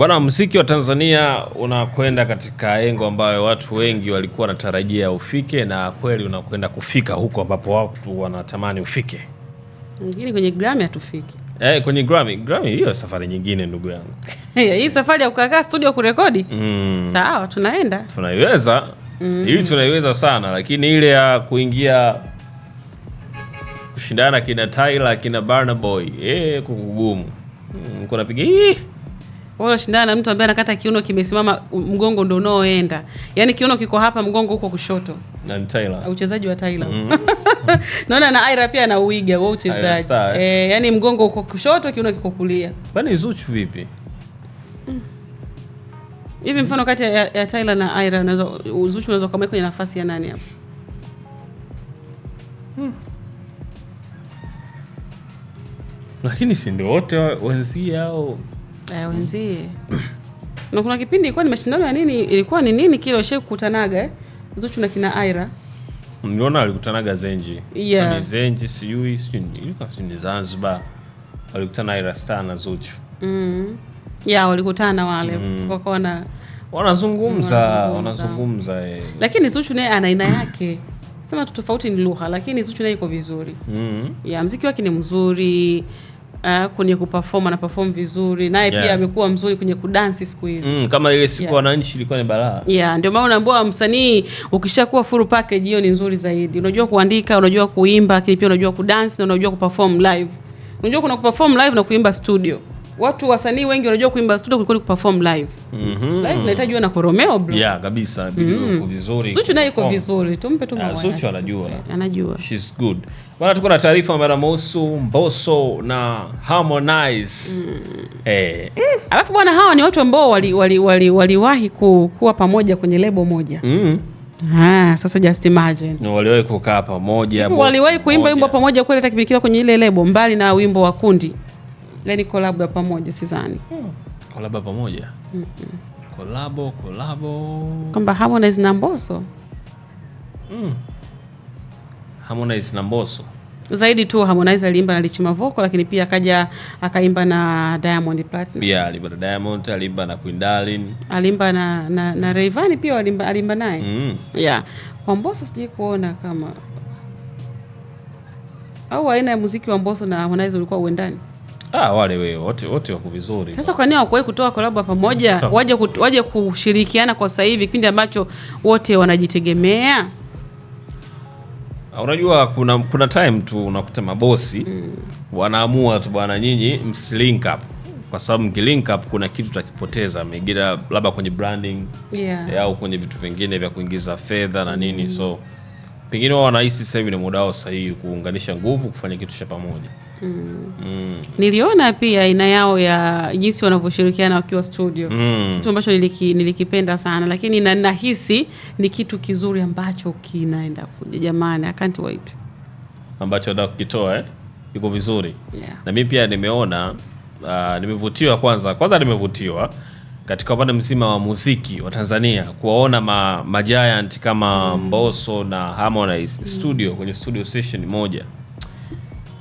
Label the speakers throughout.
Speaker 1: Bwana, mziki wa Tanzania unakwenda katika engo ambayo watu wengi walikuwa wanatarajia ufike, na kweli unakwenda kufika huko ambapo watu wanatamani ufike,
Speaker 2: lakini kwenye Grammy hatufiki.
Speaker 1: Eh, kwenye Grammy, Grammy hiyo safari nyingine ndugu yangu.
Speaker 2: Hii safari ya kukaa studio kurekodi mm. Sawa, tunaenda
Speaker 1: tunaiweza mm. Hii tunaiweza sana, lakini ile ya kuingia kushindana kina Tyler kina Burna Boy eh, kugumu mm, kunapiga hii
Speaker 2: kwa shindana na mtu ambaye anakata kiuno kimesimama, um, mgongo ndio unaoenda, yaani kiuno kiko hapa, mgongo huko kushoto, na ni Tyler, uchezaji wa Tyler mm -hmm. naona na Ira pia anauiga wao uchezaji eh? eh, yaani mgongo uko kushoto, kiuno kiko kulia.
Speaker 1: Bani Zuchu vipi mm.
Speaker 2: hivi? Mfano kati ya, ya Tyler na Ira unaweza Zuchu unaweza kama kwenye nafasi ya nani hapo? hmm.
Speaker 1: Lakini si ndio wote wenzi au
Speaker 2: Eh, wenzie na kuna kipindi ilikuwa ni mashindano ya nini, ilikuwa ni nini kile ushe kukutanaga eh? Zuchu na kina Aira
Speaker 1: niliona alikutanaga Zenji yes. Ni yaani Zenji sijui sijui ni Zanzibar walikutana Aira Star na Zuchu mm.
Speaker 2: ya walikutana wale mm. wakona
Speaker 1: wanazungumza wanazungumza eh.
Speaker 2: Lakini Zuchu naye ana aina yake sema tu tofauti ni lugha, lakini Zuchu naye iko vizuri mm. ya mziki wake ni mzuri Uh, kwenye kuperform na perform vizuri naye yeah. Pia amekuwa mzuri kwenye kudansi siku hizi
Speaker 1: mm, kama ile siku wananchi Ilikuwa ni balaa
Speaker 2: yeah, ndio maana unaambiwa msanii ukishakuwa full package hiyo ni nzuri zaidi. Unajua kuandika, unajua kuimba, lakini pia unajua kudansi na unajua kuperform live. Unajua kuna kuperform live na kuimba studio watu wasanii wengi wanajua kuimba studio kuliko ni kuperform live. mm -hmm. Live inahitaji uwe na koromeo bro.
Speaker 1: Yeah, kabisa. Video mm -hmm. iko vizuri.
Speaker 2: Zuchu naye iko vizuri. Tumpe tu ah, mawazo.
Speaker 1: Zuchu anajua. Eh, anajua. She's good. Bwana, tuko na taarifa mosu Mbosso na Harmonize. Mm. Eh. Mm.
Speaker 2: Alafu bwana, hawa ni watu ambao waliwahi wali, wali, wali, wali ku, kuwa pamoja kwenye lebo moja. Mm. Ah, sasa just imagine.
Speaker 1: No, waliwahi kukaa pamoja.
Speaker 2: Waliwahi kuimba wimbo pamoja kweli hata kwenye ile lebo mbali na wimbo wa kundi yani kolabo ya pamoja sidhani. Hmm.
Speaker 1: Kolabo ya pamoja mm -mm. Kolabo kolabo
Speaker 2: kwamba Harmonize na mboso mm.
Speaker 1: Harmonize na mboso
Speaker 2: zaidi tu Harmonize aliimba na Lichi Mavoko, lakini pia akaja akaimba na Diamond Platinum.
Speaker 1: Yeah, alimba na Diamond, alimba na Queen Darling,
Speaker 2: alimba na na, na Rayvanny pia alimba, aliimba naye. Mm. Yeah. Kwa mboso sijui kuona kama au aina ya muziki wa mboso na Harmonize ulikuwa uendani.
Speaker 1: Ah, wale wewe wote wote wako vizuri.
Speaker 2: Sasa kwa nini hawakuwahi kutoa kolabo pamoja? Waje waje kushirikiana kwa sasa hivi kipindi ambacho wote wanajitegemea.
Speaker 1: Ah, unajua kuna kuna time tu unakuta mabosi mm. wanaamua tu bwana, nyinyi msilink up kwa sababu mkilink up kuna kitu takipoteza mengine labda kwenye branding yeah. Eh, au kwenye vitu vingine vya kuingiza fedha na mm. nini mm. so pengine wao wanahisi sasa hivi ni muda wao sahihi kuunganisha nguvu kufanya kitu cha pamoja.
Speaker 2: Mm. Niliona pia aina yao ya jinsi wanavyoshirikiana wakiwa studio mm. Kitu ambacho niliki, nilikipenda sana lakini na nahisi ni kitu kizuri ambacho kinaenda kuja. Jamani, I can't wait
Speaker 1: ambacho nataka kukitoa eh? Iko vizuri yeah. Na mimi pia nimeona uh, nimevutiwa kwanza kwanza nimevutiwa katika upande mzima wa muziki wa Tanzania kuwaona ma, ma giant kama mm. Mbosso na Harmonize mm. studio kwenye studio session moja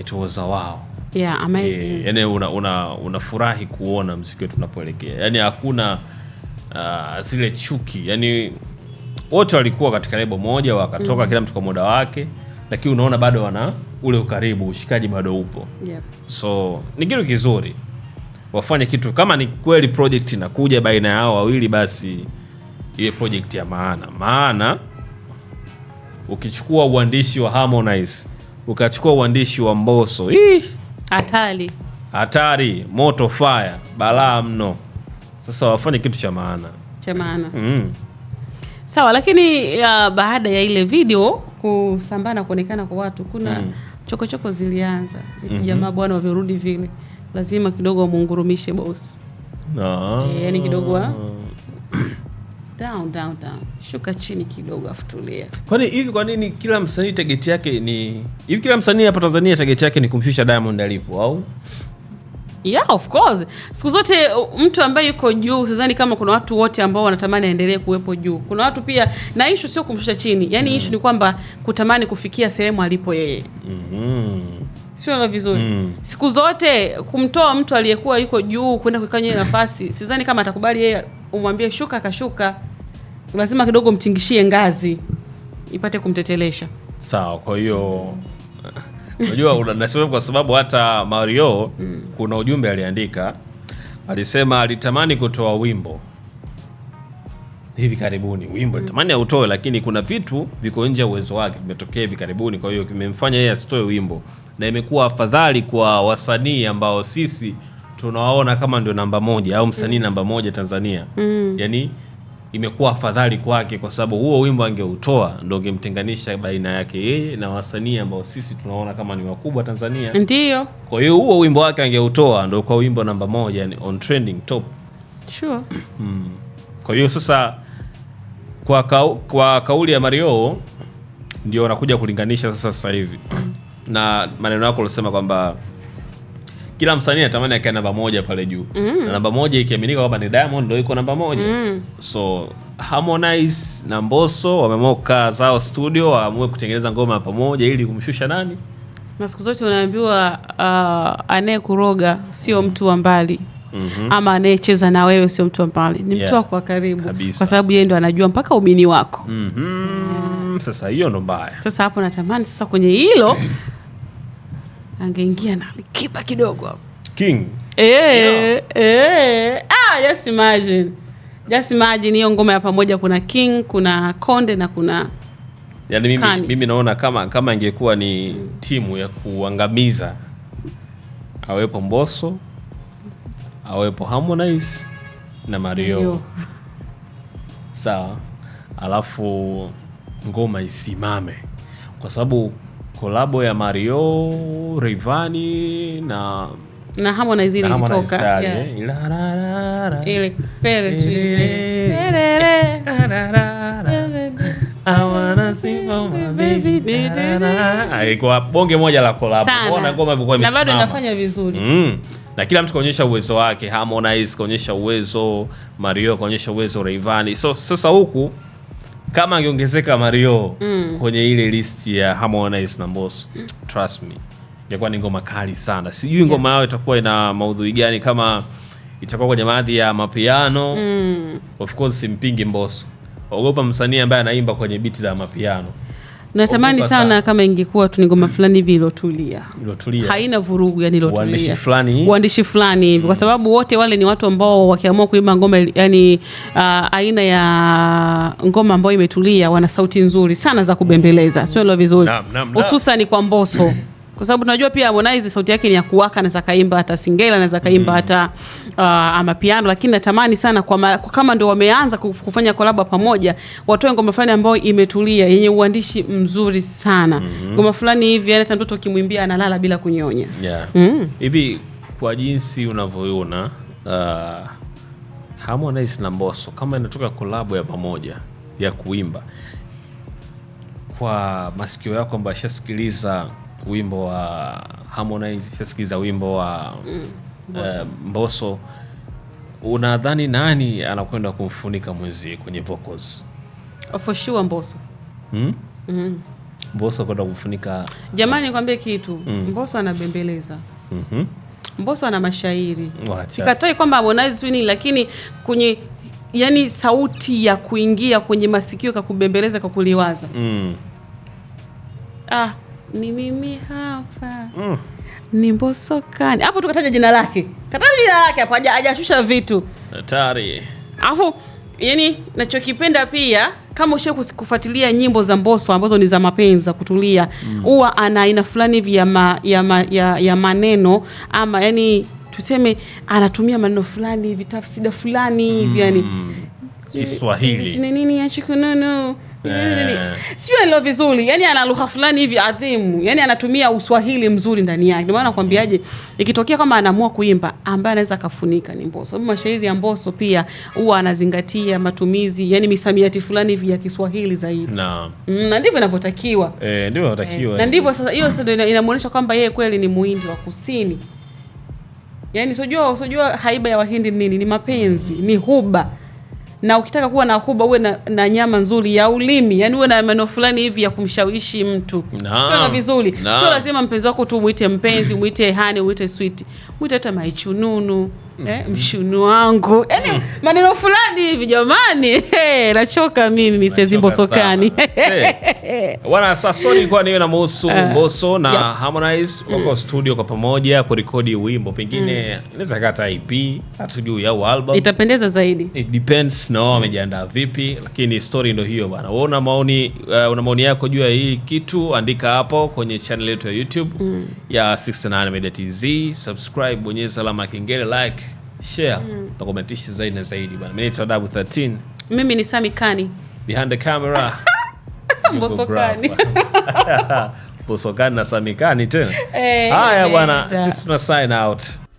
Speaker 1: it was a wow.
Speaker 2: Yeah, amazing.
Speaker 1: Eh, yani una, una, unafurahi kuona mziki wetu unapoelekea, yani hakuna uh, zile chuki, yani wote walikuwa katika lebo moja wakatoka, mm -hmm. kila mtu kwa muda wake, lakini unaona bado wana ule ukaribu, ushikaji bado upo. Yep. So ni kitu kizuri wafanye kitu kama ni kweli project inakuja baina yao wawili, basi iwe project ya maana, maana ukichukua uandishi wa Harmonize ukachukua uandishi wa Mbosso, hatari hatari, moto fire, balaa mno. Sasa wafanye kitu cha maana
Speaker 2: cha maana mm. Sawa, lakini ya baada ya ile video kusambaa na kuonekana kwa watu, kuna mm. chokochoko zilianza mm -hmm. Jamaa bwana wavyorudi vile, lazima kidogo wamungurumishe bosi no. Ah. E, eh, yani kidogo wa ah down down down, shuka chini kidogo, afu tulia.
Speaker 1: Kwani hivi kwa nini kila msanii tageti yake ni hivi? Kila msanii hapa Tanzania tageti yake ni kumshusha Diamond alipo au?
Speaker 2: Yeah, of course. Siku zote uh, mtu ambaye yuko juu, sidhani kama kuna watu wote ambao wanatamani aendelee kuwepo juu. Kuna watu pia, na ishu sio kumshusha chini, yaani mm. ishu ni kwamba kutamani kufikia sehemu alipo yeye mm-hmm. Sio la vizuri mm. Siku zote kumtoa mtu aliyekuwa yuko juu kwenda kukanya nafasi, sidhani kama atakubali yeye umwambie shuka akashuka lazima kidogo mtingishie ngazi ipate kumtetelesha.
Speaker 1: Sawa, kwa hiyo unajua unasema kwa sababu hata Mario mm. kuna ujumbe aliandika, alisema alitamani kutoa wimbo hivi karibuni, wimbo mm. tamani autoe, lakini kuna vitu viko nje ya uwezo wake, vimetokea hivi karibuni, kwa hiyo kimemfanya yeye asitoe wimbo, na imekuwa afadhali kwa wasanii ambao sisi tunawaona kama ndio namba moja au msanii mm. namba moja Tanzania mm. yani imekuwa afadhali kwake, kwa sababu huo wimbo angeutoa ndo ungemtenganisha baina yake yeye na wasanii ambao sisi tunaona kama ni wakubwa Tanzania. Ndio, kwa hiyo huo wimbo wake angeutoa ndio kwa wimbo namba moja, yani on trending top
Speaker 2: sure. Hmm.
Speaker 1: Kwa hiyo sasa kwa, ka, kwa kauli ya Mario ndio anakuja kulinganisha sasa sasa hivi na maneno yako ulisema kwamba kila msanii anatamani akae namba moja pale juu mm. na namba moja ikiaminika kwamba ni Diamond ndio iko namba moja mm. so Harmonize na Mbosso wameamua kukaa zao studio, waamue kutengeneza ngoma pamoja ili kumshusha nani,
Speaker 2: na siku zote unaambiwa uh, anayekuroga sio mm. mtu wa mbali Mm -hmm. Ama anayecheza na wewe sio mtu wa mbali, ni mtu wako wa karibu, kwa sababu yeye ndo anajua mpaka ubini wako. mm
Speaker 1: -hmm. Sasa hiyo ndo mbaya.
Speaker 2: Sasa hapo natamani sasa kwenye hilo angeingia na kipa kidogo hapo king eh, eh, eh. Ah, just imagine, just imagine hiyo ngoma ya pamoja, kuna king, kuna konde na kuna yani mimi,
Speaker 1: mimi naona kama kama ingekuwa ni timu ya kuangamiza, awepo Mbosso, awepo Harmonize na Mario sawa, alafu ngoma isimame kwa sababu kolabo ya Mario, Rayvanny na
Speaker 2: na Harmonize ile ilitoka ile pere pere
Speaker 1: kwa bonge moja la kolabo Unaona ngoma
Speaker 2: na bado inafanya vizuri mm.
Speaker 1: Na kila mtu kaonyesha uwezo wake, Harmonize kaonyesha uwezo, Mario kaonyesha uwezo, Rayvanny. So sasa huku kama angeongezeka Mario mm. kwenye ile list ya Harmonize na Mbosso mm. trust me, ingekuwa ni ngoma kali sana. Sijui ngoma yao yeah. itakuwa ina maudhui gani, kama itakuwa kwenye baadhi ya mapiano mm. of course simpingi Mbosso, ogopa msanii ambaye anaimba kwenye biti za mapiano.
Speaker 2: Natamani sana kama ingekuwa tu ni ngoma fulani hivi ilotulia, ilotulia, haina vurugu, yani ilotulia,
Speaker 1: uandishi fulani,
Speaker 2: uandishi fulani hivi mm. Kwa sababu wote wale ni watu ambao wakiamua kuimba ngoma yani, uh, aina ya ngoma ambayo imetulia, wana sauti nzuri sana za kubembeleza, mm. sio lo vizuri, hususani kwa mboso kwa sababu tunajua pia Harmonize sauti yake ni ya kuwaka, anaweza kaimba hata singeli, anaweza kaimba hata uh, amapiano, lakini natamani sana kwa ma, kwa kama ndio wameanza kufanya kolabo pamoja, watoe ngoma fulani ambayo imetulia yenye uandishi mzuri sana mm -hmm. ngoma fulani hivi hata mtoto ukimwimbia analala bila kunyonya yeah.
Speaker 1: mm. hivi kwa jinsi unavyoona uh, Harmonize na Mbosso kama inatoka kolabo ya pamoja ya kuimba, kwa masikio yako ambayo ashasikiliza wimbo wa Harmonize, shasikiza wimbo wa mm, Mbosso. Uh, eh, Mbosso, unadhani nani anakwenda kumfunika mwenzie kwenye vocals?
Speaker 2: Oh, for sure Mbosso. Hmm?
Speaker 1: Mm Mbosso kwenda kumfunika.
Speaker 2: Jamani, nikwambie kitu mm. Mbosso anabembeleza mm -hmm. Mbosso ana mashairi, sikatai kwamba Harmonize wini lakini kwenye yani sauti ya kuingia kwenye masikio kakubembeleza, kakuliwaza mm. ah ni mimi hapa mm. ni Mbosokani hapo, tukataja jina lake, kataja jina lake hapo, hajashusha vitu
Speaker 1: hatari.
Speaker 2: Alafu yani nachokipenda pia kama ushe kufuatilia nyimbo za mboso ambazo ni za mapenzi za kutulia, mm. huwa mm. ana aina fulani hivi ya, ma, ya, ma, ya, ya maneno ama yani tuseme anatumia maneno fulani hivi tafsida fulani hivi yani mm.
Speaker 1: Kiswahili
Speaker 2: nini achikunono Yani, sio ilo vizuri yani, ana lugha fulani hivi adhimu, yani anatumia uswahili mzuri ndani yake. Ndio maana nakwambiaje, ikitokea kama anaamua kuimba, ambaye anaweza akafunika ni Mbosso. Mashairi ya Mbosso pia huwa anazingatia matumizi, yani misamiati fulani hivi ya Kiswahili zaidi Naam. mm, na ndivyo inavyotakiwa
Speaker 1: eh, ndivyo inavyotakiwa
Speaker 2: eh, na ndivyo sasa. Hiyo sasa inamuonyesha kwamba yeye kweli ni muhindi wa kusini. Yani sojua sojua haiba ya wahindi nini, ni mapenzi, ni huba na ukitaka kuwa na hoba uwe na, na nyama nzuri ya ulimi, yani uwe na maneno fulani hivi ya kumshawishi mtu na vizuri. Sio lazima mpenzi wako tu umwite mpenzi, umwite hani, umwite switi, mwite hata maichununu Eh, mm. mshunu wangu, yani mm. maneno fulani hivi jamani. Eh, nachoka mimi misezi mbosokani kani
Speaker 1: bwana. Sasa ilikuwa niyo inamuhusu ah. Mbosso na yeah. Harmonize wako mm. studio kwa pamoja kurekodi wimbo pengine mm. inaweza kata IP e hatujui au album
Speaker 2: itapendeza zaidi,
Speaker 1: it depends na wao wamejiandaa mm. vipi, lakini story ndo hiyo bwana. Wewe una maoni uh, una maoni yako juu ya hii kitu, andika hapo kwenye channel yetu ya YouTube mm. ya 69 Media TZ, subscribe, bonyeza alama ya kengele, like, share mm. utakomentisha zaidi na zaidi bwana. Mimi ni Tadabu 13
Speaker 2: mimi ni Sami Kani.
Speaker 1: Behind the camera.
Speaker 2: Mbosokani.
Speaker 1: Mbosokani na Sami Kani tena. Eh, haya eh, bwana, sisi tuna sign out.